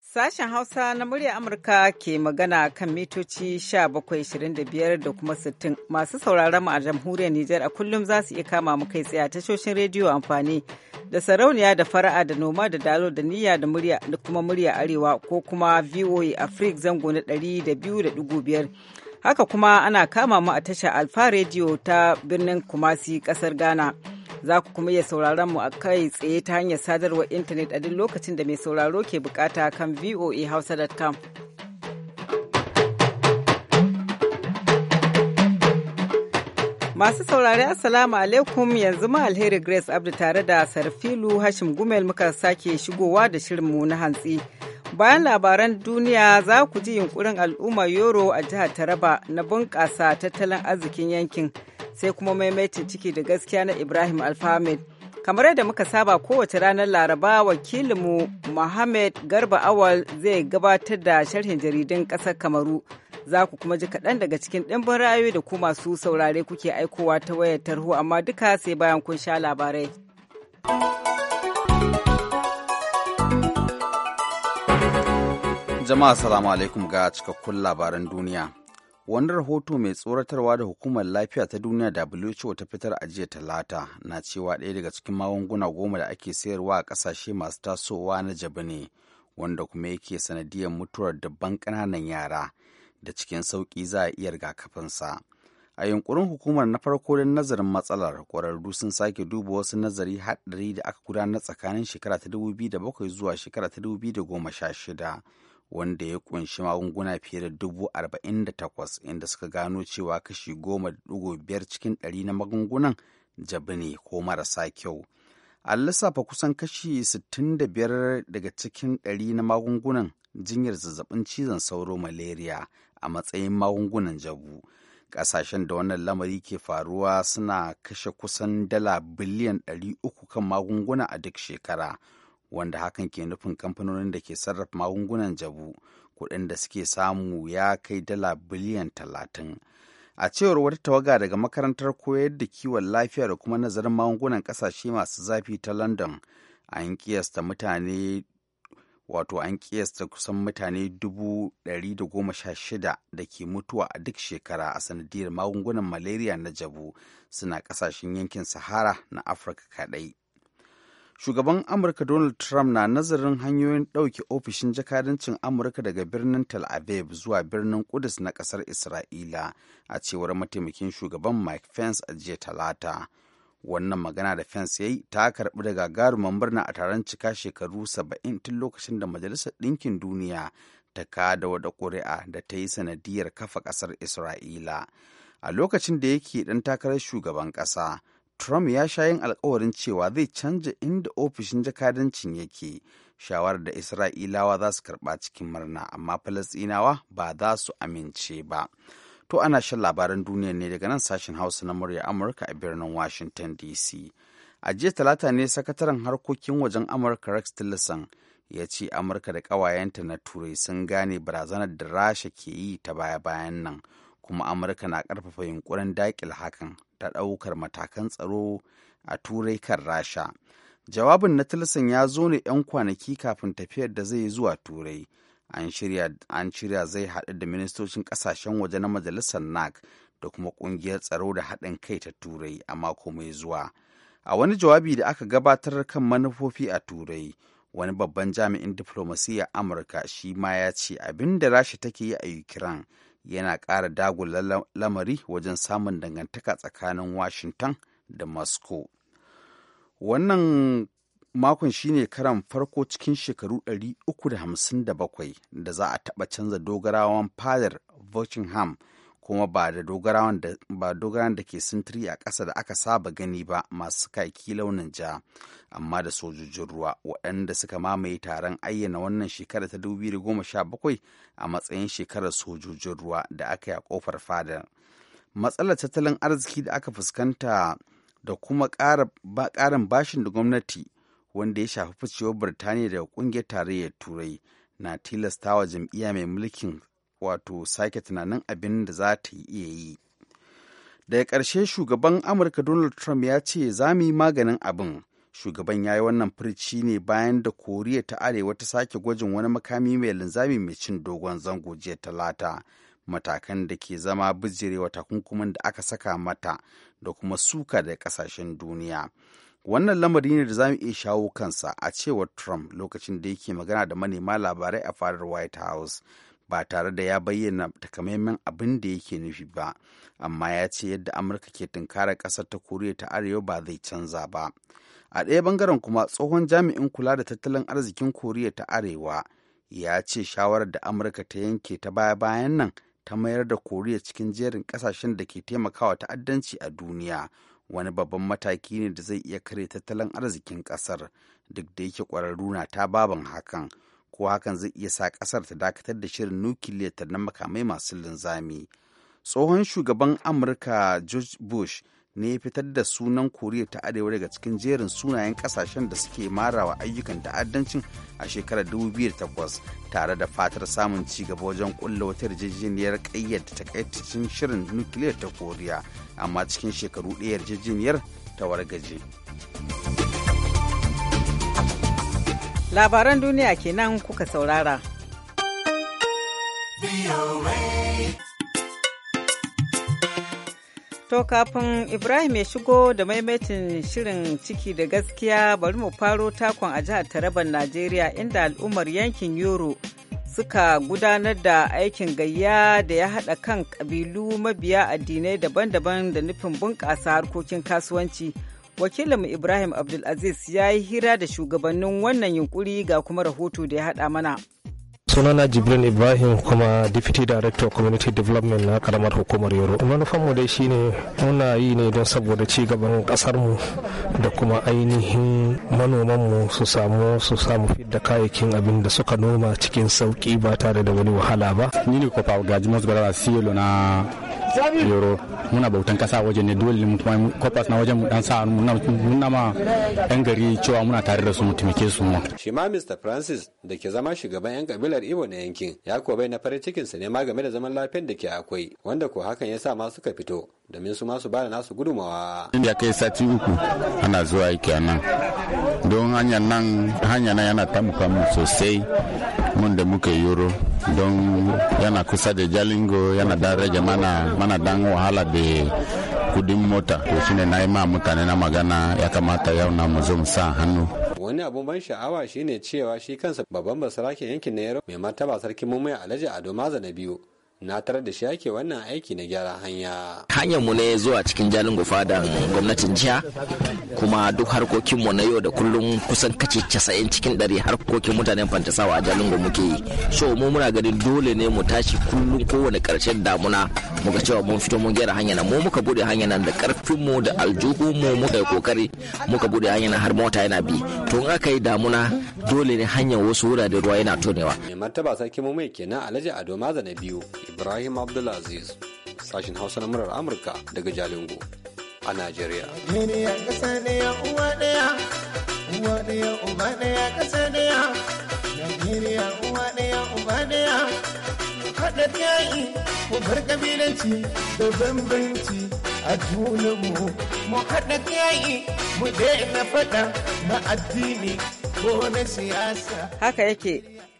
Sashen Hausa na murya Amurka ke magana kan mitoci 1725 da kuma 60 masu sauraron mu a jamhuriyar Nijar a kullum za su iya kama mu kai tsaye a tashoshin rediyo amfani da sarauniya da fara'a da noma da dalo da niyya da murya da kuma murya arewa ko kuma VOA Africa zango na 200.5 Haka kuma ana kama mu a tashar Alfa Radio ta birnin Kumasi kasar Ghana. Za ku kuma iya sauraron mu a kai tsaye ta hanyar sadarwar intanet a duk lokacin da mai sauraro ke bukata kan voahausa.com. Masu saurari Assalamu alaikum yanzu ma alheri Grace Abdu tare da Sarfilu Hashim Gumel muka sake shigowa da shirinmu na hantsi. Bayan labaran duniya za ku ji yunkurin al'ummar Yoro a jihar Taraba na bunƙasa tattalin arzikin yankin sai kuma maimaitin ciki da gaskiya na Ibrahim Alfamed. Kamar yadda muka saba kowace ranar Laraba wakilinmu Mohammed Garba Awal zai gabatar da sharhin jaridun ƙasar Kamaru. Za ku kuma ji kaɗan daga cikin ɗimbin rayu da ku masu saurare kuke aikowa ta wayar tarho amma duka sai bayan kun sha labarai. Jama'a salamu alaikum ga cikakkun labaran duniya. Wani rahoto mai tsoratarwa da hukumar lafiya ta duniya da WHO ta fitar a jiya talata na cewa ɗaya daga cikin magunguna goma da ake sayarwa a ƙasashe masu tasowa na jabi ne wanda kuma yake sanadiyar mutuwar dabban ƙananan yara da cikin sauƙi za a iya rigakafinsa. A yunkurin hukumar na farko don nazarin matsalar ƙwararru sun sake duba wasu nazari haɗari da aka gudanar tsakanin shekara ta bakwai zuwa shekara ta shida. wanda ya kunshi magunguna fiye da dubu arba'in da takwas inda suka gano cewa kashi goma da biyar cikin ɗari na magungunan jabi ne ko marasa kyau an lissafa kusan kashi sittin da biyar daga cikin ɗari na magungunan jinyar zazzabin cizon sauro malaria a matsayin magungunan jabu ƙasashen da wannan lamari ke faruwa suna kashe kusan dala biliyan ɗari uku kan magunguna a duk shekara wanda hakan ke nufin kamfanonin da ke sarrafa magungunan jabu kuɗin da suke samu ya kai dala biliyan talatin. A cewar wata tawaga daga makarantar koyar da kiwon lafiya da kuma nazarin magungunan ƙasashe masu zafi ta London, an kiyasta mutane wato an kiyasta kusan mutane dubu ɗari da goma sha shida da ke mutuwa a duk shekara a sanadiyar magungunan malaria na jabu suna ƙasashen yankin sahara na afirka kaɗai shugaban amurka donald trump na nazarin hanyoyin ɗauke ofishin jakadancin amurka daga birnin tel aviv zuwa birnin kudus na ƙasar isra'ila a cewar mataimakin shugaban mike pence a jiya talata wannan magana da pence ya yi ta karɓi daga gagarumin murna a taron cika shekaru 70 tun lokacin da majalisar ɗinkin duniya ta ka da wada ƙuri'a da ta yi sanadiyar kafa ƙasar isra'ila a lokacin da yake ɗan takarar shugaban ƙasa Trump ya sha yin alkawarin cewa zai canza inda ofishin jakadancin yake shawarar da Isra'ilawa za su karɓa cikin murna amma Falasɗinawa ba za su amince ba. To ana shan labaran duniya ne daga nan sashen Hausa na murya Amurka a birnin Washington DC. A jiya talata ne sakataren harkokin wajen Amurka Rex Tillerson ya ce Amurka da ƙawayenta na Turai sun gane barazanar da Rasha ke yi ta baya-bayan nan. kuma amurka na ƙarfafa yunkurin daƙil hakan ta ɗaukar matakan tsaro a turai kan rasha jawabin na tilson ya zo ne 'yan kwanaki kafin tafiyar da zai zuwa turai an shirya zai haɗu da ministocin ƙasashen waje na majalisar nac da kuma ƙungiyar tsaro da haɗin kai ta turai a mako mai zuwa a wani jawabi da aka gabatar kan manufofi a turai wani babban jami'in diflomasiyya amurka shi ma ya ce abin da rasha take yi a ukraine yana ƙara dagula lamari wajen samun dangantaka tsakanin washington da moscow wannan makon shine karan farko cikin shekaru 357 da za a taɓa canza dogarawan fadar buckingham kuma ba da dogarawan da ke sintiri a ƙasa da aka saba gani ba masu kaki launin ja amma da sojojin ruwa waɗanda suka mamaye taron ayyana wannan shekara ta 2017 a matsayin shekarar sojojin ruwa da aka yi a ƙofar fada matsalar tattalin arziki da aka fuskanta da kuma ƙarin bashin da gwamnati wanda ya shafi ficewar birtaniya daga ƙungiyar tarayyar turai na tilastawa jam'iyya mai mulkin wato sake tunanin abin da za ta iya yi daga ƙarshe shugaban amurka donald trump ya ce za mu yi maganin abin shugaban ya yi wannan firci ne bayan da koriya ta arewa ta sake gwajin wani makami mai linzami mai cin dogon zango jiya talata matakan da ke zama bijirewa takunkumin da aka saka mata da kuma suka da kasashen duniya wannan lamari ne da za mu iya shawo kansa a cewar trump lokacin da yake magana da manema labarai a fadar white house ba tare da ya bayyana takamaiman abin da yake nufi ba amma ya ce yadda amurka ke tunkara kasar ta koriya ta arewa ba zai canza ba a ɗaya bangaren kuma tsohon jami'in kula da tattalin arzikin koriya ta arewa ya ce shawarar da amurka ta yanke ta baya bayan nan ta mayar da koriya cikin jerin ƙasashen da ke taimakawa ta'addanci a duniya wani babban mataki ne da zai iya kare tattalin arzikin ƙasar duk da yake ƙwararru na ta baban hakan kuwa hakan zai iya sa ƙasar ta dakatar da shirin nukiliyar ta na makamai masu linzami tsohon shugaban amurka george bush ne ya fitar da sunan koriya ta arewa daga cikin jerin sunayen kasashen da suke marawa ayyukan ta'addancin a shekarar 2008 tare da fatar samun ci gaba wajen kulla wata yarjejeniyar kayyada takaitaccen shirin nukiliyar ta koriya amma cikin shekaru ɗaya yarjejeniyar ta wargaje. Labaran duniya kenan kuka saurara. To kafin Ibrahim ya shigo da maimaitin shirin ciki da gaskiya bari mu faro takon a jihar Taraban Najeriya inda al'ummar yankin Yoro suka gudanar da aikin gayya da ya haɗa kan ƙabilu mabiya addinai daban-daban da nufin bunƙasa harkokin kasuwanci. wakilinmu ibrahim abdulaziz ya yi hira da shugabannin wannan yunkuri ga kuma rahoto da ya haɗa mana sunana jibril ibrahim kuma deputy director community development na karamar hukumar yoro manufanmu dai shine muna yi ne don saboda ci gaban kasarmu da kuma ainihin manomanmu su samu su samu fidda kayayyakin abin da suka noma cikin sauki ba tare da wani wahala ba ni ne kofa gajimus gwada siyelo na yoro muna bautan kasa wajen ne dole mu kuma kwafas na wajen mu dan sa mu nuna ma yan gari cewa muna tare da su mu taimake su mu shi ma Mr Francis da ke zama shugaban yan kabilar ibo na yankin ya ko bai na farin cikin sa ne ma game da zaman lafiyar da ke akwai wanda ko hakan ya sa ma suka fito domin su ma bada nasu gudumawa ya kai sati uku ana zuwa yake nan don hanyar nan hanyar nan yana tamuka mu sosai mun da muka yi yoro don yana kusa da jalingo yana dan rage mana mana dan wahala da kudin mota to shine na yi ma mutane na magana ya kamata yau na mu zo sa hannu wani abu ban sha'awa shine cewa shi kansa babban basarake yankin na yaro mai martaba sarkin mummai alhaji ado maza na biyu na tarar da shi ake wannan aiki na gyara hanya. Hanyar mu ne zuwa cikin jalin gufa gwamnatin jiha kuma duk harkokin mu na yau da kullum kusan kace casa'in cikin ɗari harkokin mutanen fantasawa a jalin mu muke So mu muna ganin dole ne mu tashi kullum kowane karshen damuna mu ga cewa mun fito mun gyara hanya nan mu muka bude hanya nan da karfin mu da aljuhu mu muka yi kokari muka bude hanya nan har mota yana bi. To in aka yi damuna dole ne hanyar wasu wurare ruwa yana tonewa. Mai martaba sarki mu mai kenan Alhaji Ado Mazana biyu Ibrahim Abdulaziz sashen Hausa na murar Amurka daga Jalingo a Najeriya. Haka yake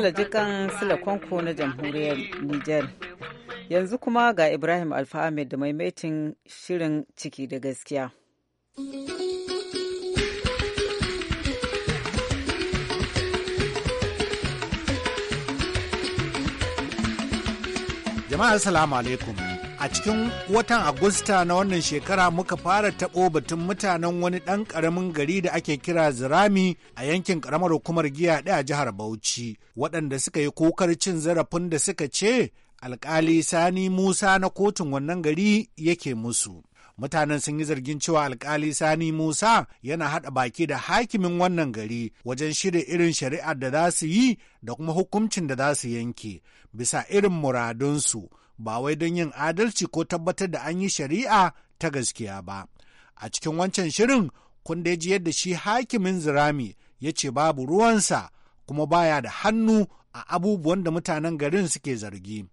Allah jikan Silakonko na jamhuriyar Nijar. Yanzu kuma ga Ibrahim Alfahamed da maimaitin shirin ciki da gaskiya. Jama'a salamu alaikum. a cikin watan agusta na wannan shekara muka fara taɓo batun mutanen wani ɗan ƙaramin gari da ake kira zirami a yankin ƙaramar hukumar giya ɗaya a jihar bauchi waɗanda suka yi kokar cin zarafin da suka ce Alƙali sani musa na kotun wannan gari yake musu mutanen sun yi zargin cewa alkali sani musa yana haɗa baki da hakimin wannan gari wajen shirya irin shari'ar da za su yi da kuma hukuncin da za su yanke bisa irin muradunsu ba wai don yin adalci ko tabbatar da an yi shari'a ta gaskiya ba. A cikin wancan shirin, kun yadda shi hakimin zirami ya ce babu ruwansa kuma baya da hannu a abubuwan da mutanen garin suke zargi.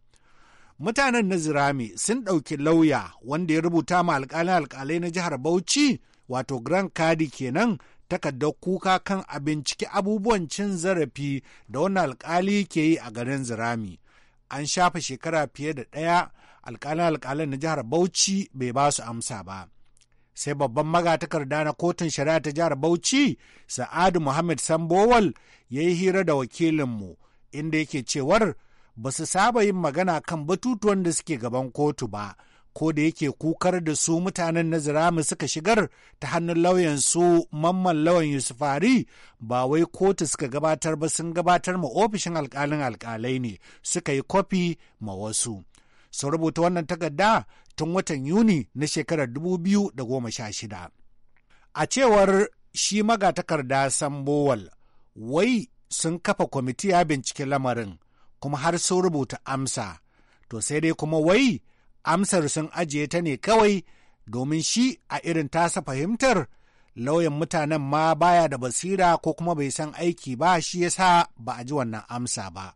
Mutanen na zirami sun ɗauki lauya wanda ya rubuta ma alƙalin alƙalai na jihar Bauchi, wato Grand Kadi kenan takardar kuka kan a binciki abubuwan cin zarafi da wani alƙali ke yi a garin zirami an shafa shekara fiye da ɗaya alƙalan-alƙalan na jihar Bauchi bai ba su amsa ba. Sai babban magatakarda na kotun shari'a ta jihar Bauchi, Sa'adu Muhammad Sambowal ya yi hira da wakilinmu, inda yake cewar ba su saba yin magana kan batutuwan da suke gaban kotu ba, ko da yake kukar da su mutanen Nazirama suka shigar ta hannun lauyan su mamman lawan Yusufari ba wai kotu suka gabatar ba sun gabatar ma ofishin alkalin alkalai ne suka yi kofi ma wasu. Sun rubuta wannan takarda tun watan Yuni na shekarar 2016. A cewar shi magatakarda Sambowal, wai sun kafa kwamiti ya bincike lamarin kuma har sun rubuta amsa, to sai dai kuma wai amsar sun ajiye ta ne kawai domin shi a irin tasa fahimtar lauyan mutanen ma baya da basira ko kuma bai san aiki ba shi ya sa ba a ji wannan amsa ba.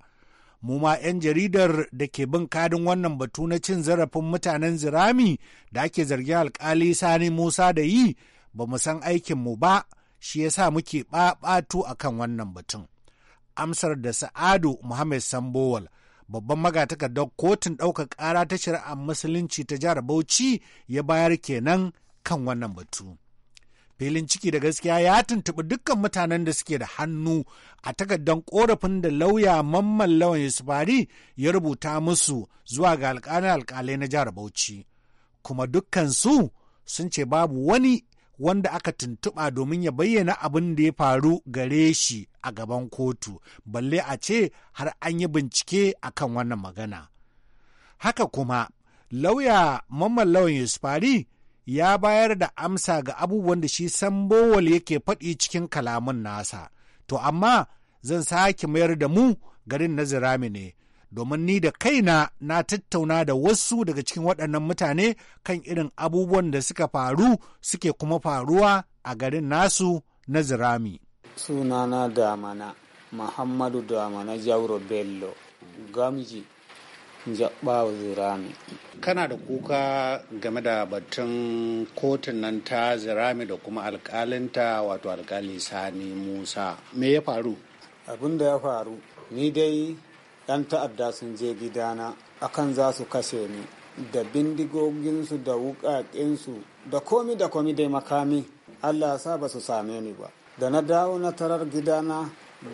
mu ma 'yan jaridar da ke bin kadin wannan batu na cin zarafin mutanen zirami da ake zargin alkali sani musa da yi ba mu san aikinmu ba shi ya sa muke ɓaɓatu a kan wannan batun amsar da sa'adu muhammad sambowal babban magatakardar kotun ɗaukar ƙara ta shari'a musulunci ta jihar bauchi ya bayar kenan kan wannan batu filin ciki da gaskiya ya tuntuɓi dukkan mutanen da suke da hannu a takardar korafin da lauya mamman lawan yusufari ya rubuta musu zuwa ga alƙalin alƙalai na jihar bauchi kuma dukkan su sun ce babu wani wanda aka tuntuɓa domin ya bayyana abin da ya faru gare shi a gaban kotu balle a ce har an yi bincike a kan wannan magana haka kuma lauya mamman lawan yusufari ya bayar da amsa ga abubuwan da shi sambowal yake faɗi cikin kalamun nasa to amma zan sake mayar da mu garin na zirami ne domin ni da kaina na tattauna da wasu daga cikin waɗannan mutane kan irin abubuwan da suka faru suke kuma faruwa a garin nasu na zirami. Sunana Damana, Muhammadu Damana Jauro Bello, Gamji, Jaɓawa Zirami. Kana da kuka game da batun kotun nan ta Zirami da kuma alkalinta wato alkali Sani Musa. Me ya faru? Abin da ya faru, ni dai 'yan ta'adda sun je gidana akan za su kashe ni da bindigoginsu da wukaƙinsu da komi da komi dai makami allah sa ba su same ni ba da na dawo na tarar gidana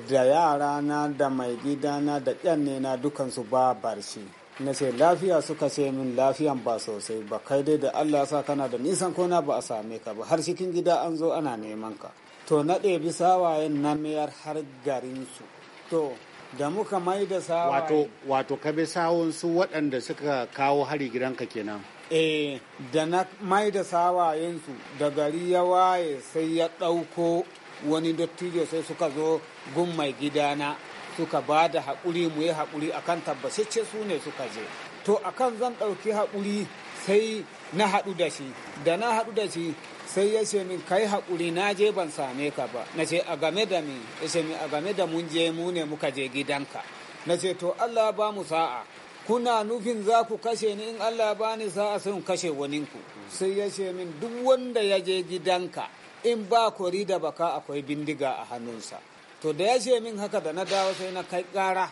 da yarana da mai gidana da na dukansu ba barci na ce lafiya suka ce min lafiyan ba sosai ba kai dai da allah sa kana da nisan kona ba a same ka ba har cikin gida an zo ana neman ka to na ɗebi sawayen na mayar har garinsu to da muka mai da sawa wato wato ka bi sawun su waɗanda suka kawo hari gidanka kenan eh da na mai da sawayensu da gari ya waye sai ya ɗauko wani dattijo sai suka zo gun mai gidana suka ba da haƙuri mu yi haƙuri akan tabbace su ne suka je to akan zan ɗauki haƙuri sai na haɗu da shi da na haɗu da shi sai ya ce min kai haƙuri na je ban same ka ba na ce a game da mi ya ce a game da mun je mu ne muka je gidanka na ce to Allah ba mu sa'a kuna nufin za ku kashe ni in Allah ba ni sa'a sai in kashe waninku sai ya ce min duk wanda ya je gidanka in ba kori da baka akwai bindiga a hannunsa to da ya ce min haka da na dawo sai na kai ƙara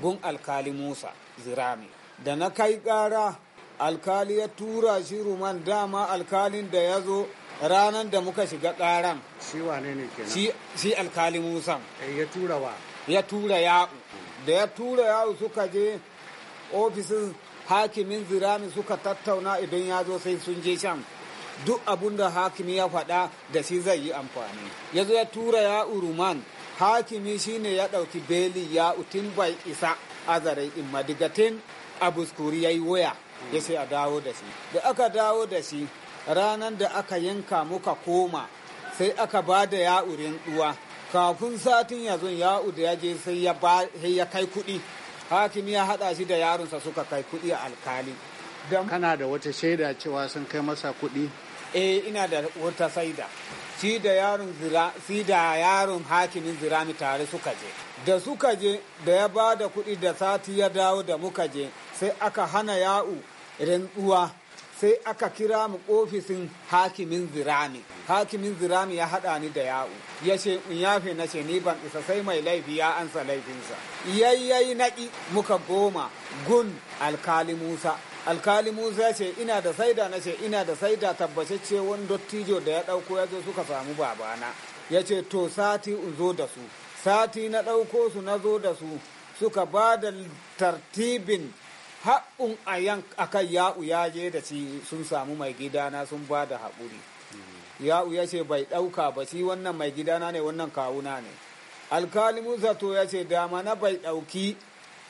gun alkali Musa zirami da na kai ƙara alkali ya tura shi ruman dama alkalin da ya zo ranar da muka shiga karan shi wane ne kenan shi alkali musa eh, ya tura wa ya tura da ya tura ya'u suka je ofisin hakimin zirami suka tattauna idan ya zo sai sun je shan, duk abun da hakimi ya faɗa da shi zai yi amfani ya zo ya tura ya'u ruman hakimi ne ya ɗauki beli ya'u tun bai isa azare in madigatin abuskuri ya yi waya ya sai a dawo da shi da aka dawo da shi ranar da aka yanka muka koma sai aka ba da ya'urin ɗuwa kafin satin ya zo ya'u da ya je sai ya kai kuɗi hakim ya haɗa shi da yarinsa suka kai kuɗi a alkali kana da wata shaida cewa sun kai masa kuɗi eh ina da wata saida shi da yaron zira shi da yaron hakimin mi tare suka je da suka je da ya ba da kuɗi da sati ya dawo da muka je sai aka hana ya'u rantsuwa sai aka kira mu ofishin hakimin zirami hakimin zirami ya haɗa ni da ya'u ya ce in yafe na ce ni ban isa sai mai laifi ya ansa laifinsa yayyai naƙi muka goma gun alkali musa alkali musa ya ce ina da saida na ce ina da saida tabbatacce wani dottijo da ya ɗauko ya zo suka samu babana ya ce to sati in zo da su sati na ɗauko su na zo da su suka ba da tartibin haƙun a akan ya'u ya je da shi sun samu mai gidana sun ba da haƙuri mm. ya'u ya ce bai ɗauka ba shi wannan mai gidana ne wannan kawuna ne alkalimu zato ya ce dama na bai ɗauki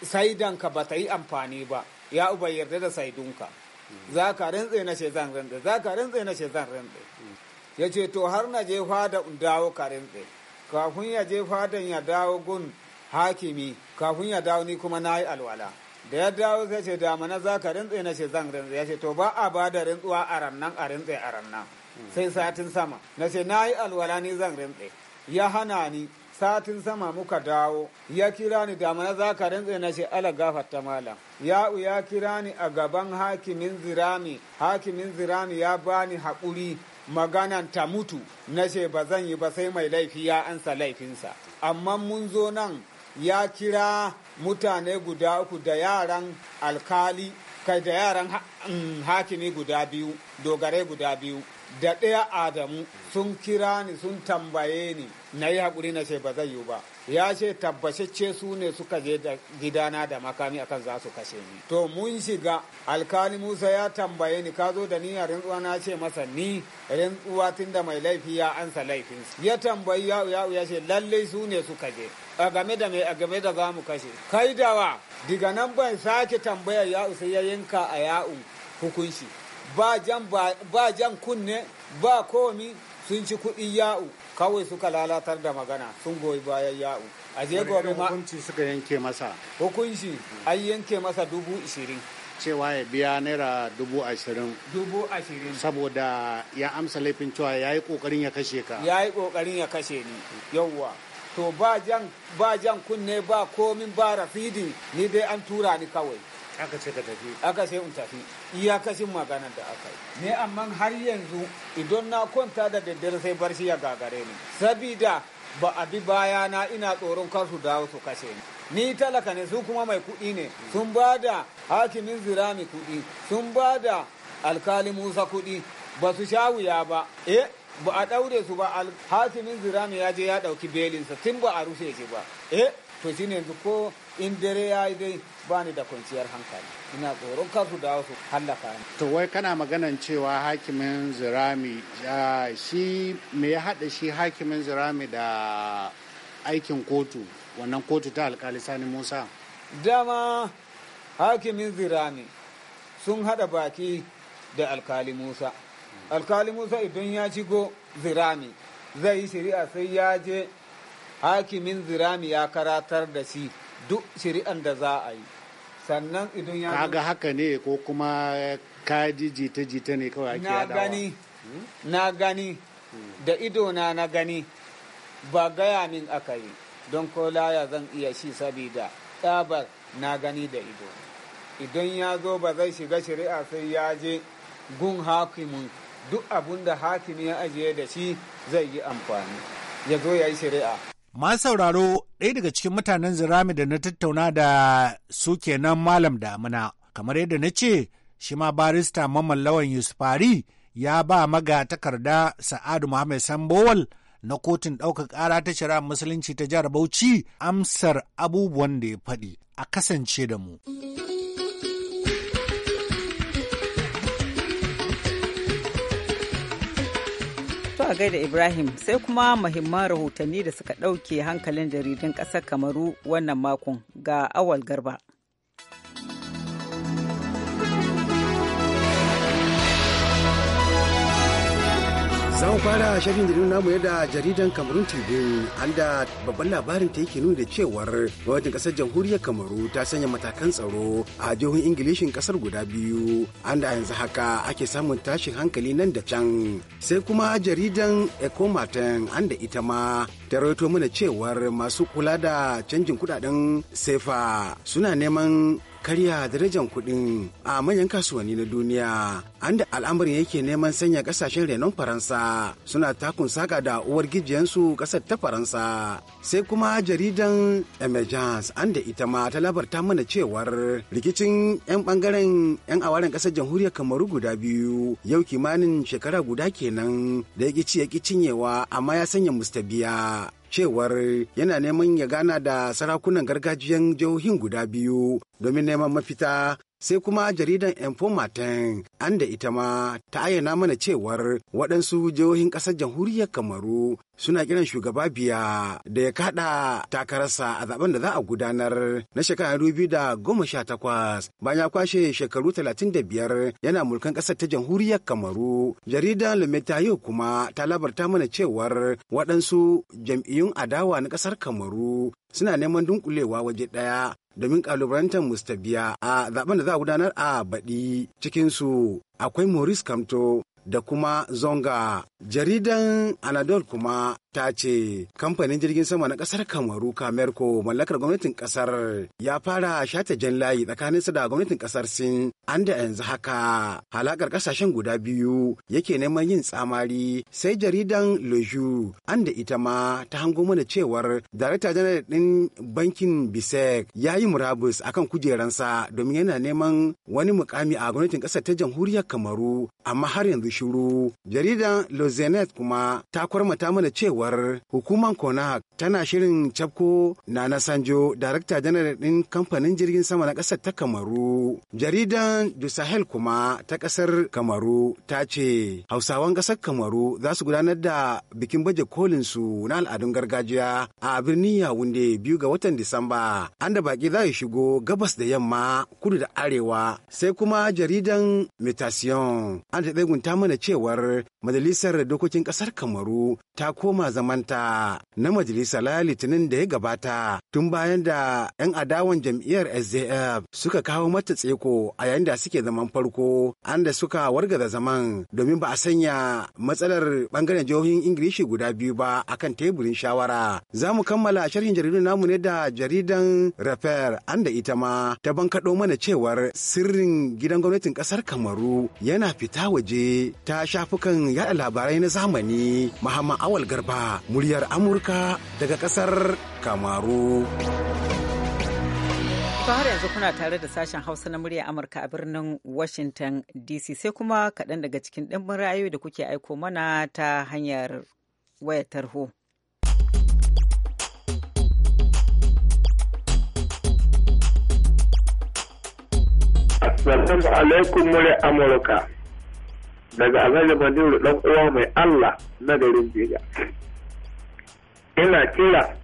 saidanka ba ta yi amfani ba ya'u bai yarda da saidunka mm. za ka rintse na ce zan rintse za ka rintse na ce zan rintse mm. ya ce to har na je fada in dawo ka rintse kafin ya je fadan ya dawo gun hakimi kafin ya dawo ni kuma na yi alwala da ya dawo sai ce da mana za ka rintse na ce zan rintse ya ce to ba a ba da rintsuwa a rannan a rintse a rannan sai satin sama na ce na yi alwala ni zan rintse ya hana ni satin sama muka dawo ya kira ni da mana za ka rintse na ce ala gafar ta malam ya ya kira ni a gaban hakimin zirami hakimin zirami ya bani haƙuri maganan ta mutu na ce ba zan yi ba sai mai laifi ya ansa laifinsa amma mun zo nan ya kira mutane guda uku da yaran alkali kai da yaran mm, hakimi guda biyu dogare guda biyu da ɗaya adamu sun kira ni sun tambaye ni na yi haƙuri na ce ba zai yiwu ba ya ce tabbacecce su ne suka je da gidana da makami akan za su kashe ni to mun shiga alkali musa ya tambaye ni ka zo da niya rintsuwa na ce masa ni tun tunda mai laifi ya ansa laifin ya tambayi ya ya ya ce lalle su ne suka je a game da mai a game da za mu kashe kai dawa diga nan ban sake tambayar ya sai ya yanka a ya'u hukunci ba jan kunne ba komi sun ci kuɗi ya'u kawai suka lalatar da magana sun goyi bayan ya'u a je gobe ma hukunci suka yanke masa hukunci an yanke masa dubu ishirin cewa ya biya naira dubu ashirin dubu ashirin saboda ya amsa laifin cewa ya yi kokarin ya kashe ka ya yi kokarin ya kashe ni yauwa to ba jan kunne ba komin ba rafidin ni dai an tura ni kawai aka ce ka tafi aka sai in tafi iya kasin maganar da aka yi ne amma har yanzu idan na kwanta da daddare sai barci ya gagare ni sabida ba a bi bayana ina tsoron kar su dawo su kashe ni ni talaka ne su kuma mai kuɗi ne sun ba da hakimin zirami kuɗi sun ba da alkali musa kuɗi ba su sha wuya ba eh ba a ɗaure su ba hakimin zirami ya je ya ɗauki belinsa tun ba a rufe shi ba eh to shi ne ko in dare ya yi dai ba ni da kwanciyar hankali ina tsoron kasu su dawo hallaka ni. to wai kana maganan cewa hakimin zirami shi me ya haɗa shi hakimin zirami da aikin kotu wannan kotu ta alkali sani musa dama hakimin zirami sun haɗa baki da alkali musa alkali musa idan ya shigo zirami zai yi shari'a sai ya je hakimin zirami ya karatar da shi duk shari'an da za a yi sannan idan ya kaga haka ne ko kuma ka ji jita-jita ne kawai ake na gani hmm? na gani da idona na gani ba gaya min aka yi don ko laya zan iya shi sabida tsabar na gani da ido idan ya zo ba zai shiga shari'a sai ya je gun hakimin duk abun da hakimi ya ajiye da shi zai yi amfani ya zo ya yi shari'a. ma sauraro ɗaya daga cikin mutanen zirami da na tattauna da su kenan malam damina kamar yadda na ce shi ma barista mamman lawan yusufari ya ba maga takarda sa'adu muhammad sambowal na kotun ɗaukar ƙara ta shari'a musulunci ta jihar bauchi amsar abubuwan da ya faɗi a kasance da mu. To a gaida Ibrahim sai kuma mahimman rahotanni da suka ɗauke hankalin jaridun ƙasar Kamaru wannan makon ga awal garba. za mu fara shirin jaridun namu yadda jaridan kamarun tribune an da babban labarin ta yake nuna da cewar gwamnatin kasar jamhuriyar kamaru ta sanya matakan tsaro a jihohin ingilishin kasar guda biyu an da yanzu haka ake samun tashin hankali nan da can sai kuma jaridan ecomaten an da ita ma ta rawaito mana cewar masu kula da canjin kudaden sefa suna neman karya darajar kuɗin a manyan kasuwanni na duniya an da al'amarin yake neman sanya kasashen renon faransa suna takun saka da uwar gijiyansu ƙasar ta faransa sai kuma jaridan emergence an da ita ma ta labarta mana cewar rikicin 'yan bangaren 'yan awaren kasar jamhuriyar kamaru guda biyu yau kimanin shekara guda kenan da ya ci ya cinyewa amma ya sanya mustabiya cewar yana neman ya gana da sarakunan gargajiyan jihohin guda biyu domin neman mafita sai kuma jaridan Enfo anda an da ita ma ta ayyana mana cewar waɗansu jihohin ƙasar jamhuriyar Kamaru suna kiran shugaba biya da ya kaɗa takararsa a zaben da za a gudanar na shekara dubu da goma sha takwas bayan ya kwashe shekaru talatin da biyar yana mulkan ƙasar ta jamhuriyar Kamaru. Jaridan lumetayo kuma ta labarta mana cewar waɗansu jam'iyyun adawa na ƙasar Kamaru suna neman dunkulewa waje ɗaya domin kalubalantar Mr. Biya a zaben da za a gudanar a baɗi cikinsu akwai Maurice Kamto da kuma Zonga. Jaridan Anadol kuma ta ce kamfanin jirgin sama na kasar kamaru kamerko mallakar gwamnatin kasar ya fara shata jan layi tsakanin su da gwamnatin kasar sin an da yanzu haka halakar kasashen guda biyu yake neman yin tsamari sai jaridan leju an da ita ma ta hango mana cewar darakta janar din bankin bisek ya yi murabus akan kujeransa domin yana neman wani mukami a gwamnatin kasar ta jamhuriyar kamaru amma har yanzu shiru jaridan lozenet kuma ta kwarmata mana cewa. cewar hukumar konak tana shirin cafko na na darakta janar ɗin kamfanin jirgin sama na ƙasar ta kamaru jaridan du sahel kuma ta ƙasar kamaru ta ce hausawan ƙasar kamaru za su gudanar da bikin baje kolin su na al'adun gargajiya a birnin yawunde biyu ga watan disamba an da baki za shigo gabas da yamma kudu da arewa sai kuma jaridan mutation an ta tsegunta mana cewar majalisar dokokin ƙasar kamaru ta koma zamanta na majalisa la litinin da ya gabata tun bayan da 'yan adawan jam'iyyar sdf suka kawo mata tseko a yayin da suke zaman farko an da suka wargaza zaman domin ba a sanya matsalar bangaren jihohin Ingilishi guda biyu ba a kan teburin shawara. Za mu kammala sharhin jaridun namu ne da jaridan rafer an da ita ma ta bankaɗo mana cewar sirrin gidan gwamnatin ƙasar Kamaru yana fita waje ta shafukan yaɗa labarai na zamani Muhammad Awal Garba. muryar Amurka daga kasar Kamaru. har yanzu kuna tare da sashen Hausa na murya Amurka a birnin Washington DC sai kuma kaɗan daga cikin ɗimbin ra'ayoyi da kuke aiko mana ta hanyar wayar tarho. Assalamu alaikum muryar Amurka. daga alhaji badiru dan uwa mai allah na garin jiga ina kira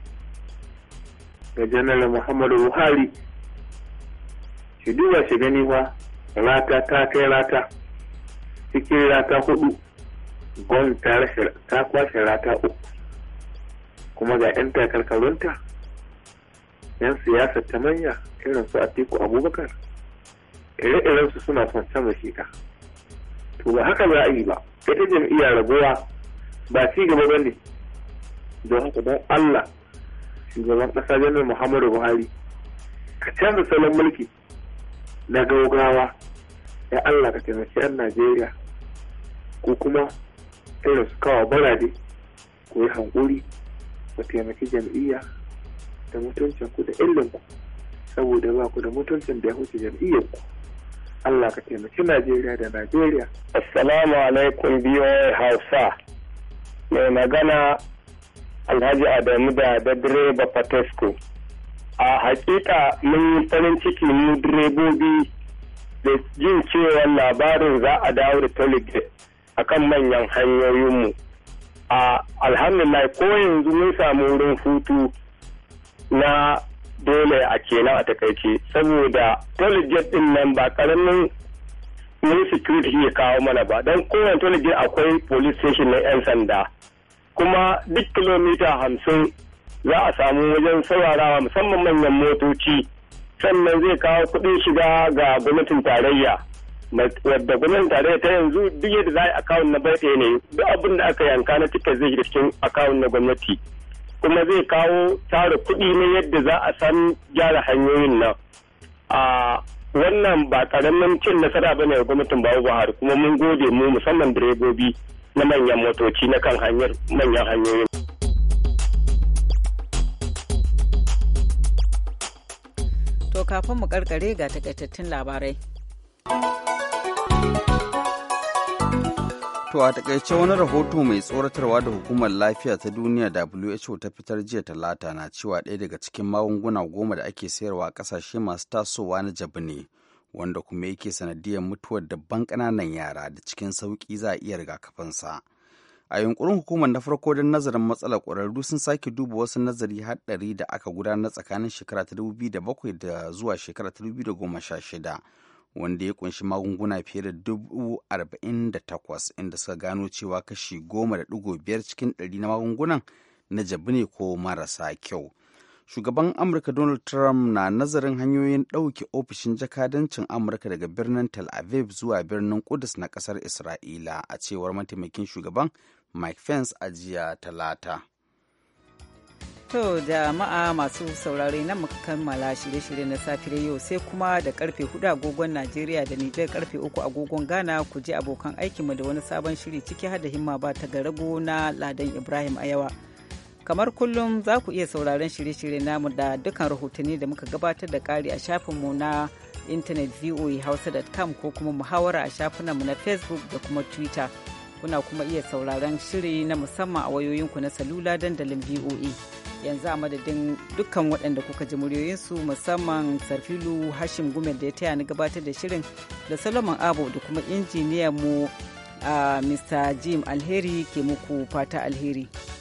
ga janar muhammadu buhari shi duba shi gani ba rata ta kai rata cikin rata hudu gwamnati ta kwashe rata uku kuma ga 'yan takarkarunta 'yan siyasar ta manya irin su atiku abubakar ire-iren su suna son canza sheka to ba haka za a yi ba ita jam'iyya raguwa ba ci gaba ba ne don haka Allah shugaban ƙasa janar Muhammadu Buhari ka canza salon mulki na gaugawa ya Allah ka taimaki 'yan Najeriya ko kuma irin su kawo barade ko yi hankuri ka taimaki jam'iyya da mutuncin ku da ku. saboda ba ku da mutuncin da ya huce jam'iyyar ku Allah ka taimaki Najeriya da Najeriya. Assalamu alaikum biyo Hausa. Mai magana alhaji adamu da da direba a hakika mun yi farin ciki mu direbobi da jin cewa labarin za a dawo da toligate a kan manyan hanyoyinmu a alhamdulillah ko yanzu mun samu wurin hutu na dole a kenan a takaice saboda toligate din nan ba karamin mun security ya kawo mana ba don kowane toligate akwai police station na 'yan sanda kuma duk kilomita hamsin za a samu wajen saurarawa musamman manyan motoci sannan zai kawo kuɗin shiga ga gwamnatin tarayya wadda gwamnatin tarayya ta yanzu duk yadda za a yi akawun na bai ne duk abin da aka yanka na tikka zai yi cikin akawun na gwamnati kuma zai kawo tara kuɗi na yadda za a san gyara hanyoyin nan a wannan ba karamin cin nasara ba ne ga gwamnatin babu buhari kuma mun gode mu musamman direbobi na manyan motoci na kan hanyar manyan hanyoyin. To kafin mu karkare ga takaitattun labarai. To a takaice wani rahoto mai tsoratarwa da hukumar lafiya ta duniya WHO ta fitar jiya talata na cewa ɗaya daga cikin magunguna goma da ake sayarwa a ƙasashe masu tasowa na jabi ne. wanda kuma yake sanadiyar mutuwar dabban ƙananan yara da cikin sauki za a iya rigakafinsa. A yunkurin hukumar na farko don nazarin matsalar ƙwararru sun sake duba wasu nazari haɗari da aka gudanar tsakanin shekara ta dubu da bakwai da zuwa shekara ta da goma sha shida wanda ya kunshi magunguna fiye da dubu arba'in da takwas inda suka gano cewa kashi goma da biyar cikin ɗari na magungunan na jabi ne ko marasa kyau. shugaban amurka donald trump na nazarin hanyoyin ɗauke ofishin jakadancin amurka daga birnin tel aviv zuwa birnin kudus na ƙasar isra'ila a cewar mataimakin shugaban mike fence a jiya talata To jama'a masu saurare nan kammala shirye-shirye na safiya yau sai kuma da karfe 4 agogon Najeriya da Nijar karfe 3 agogon Ghana ku je abokan aikinmu da wani sabon shiri ciki har da himma ba ta garago na Ladan Ibrahim Ayawa. kamar kullum za ku iya sauraron shirye-shirye namu da dukkan rahotanni da muka gabatar da ƙari a shafinmu na intanet voahausa.com ko kuma muhawara a shafinanmu na facebook da kuma twitter kuna kuma iya sauraron shiri na musamman a wayoyinku na salula dandalin voa yanzu a madadin dukkan waɗanda kuka ji muryoyinsu musamman sarfilu hashim gumel da ya taya ni gabatar da shirin da salomon abu da kuma injiniyan mu a ah, mr jim alheri ke muku fata alheri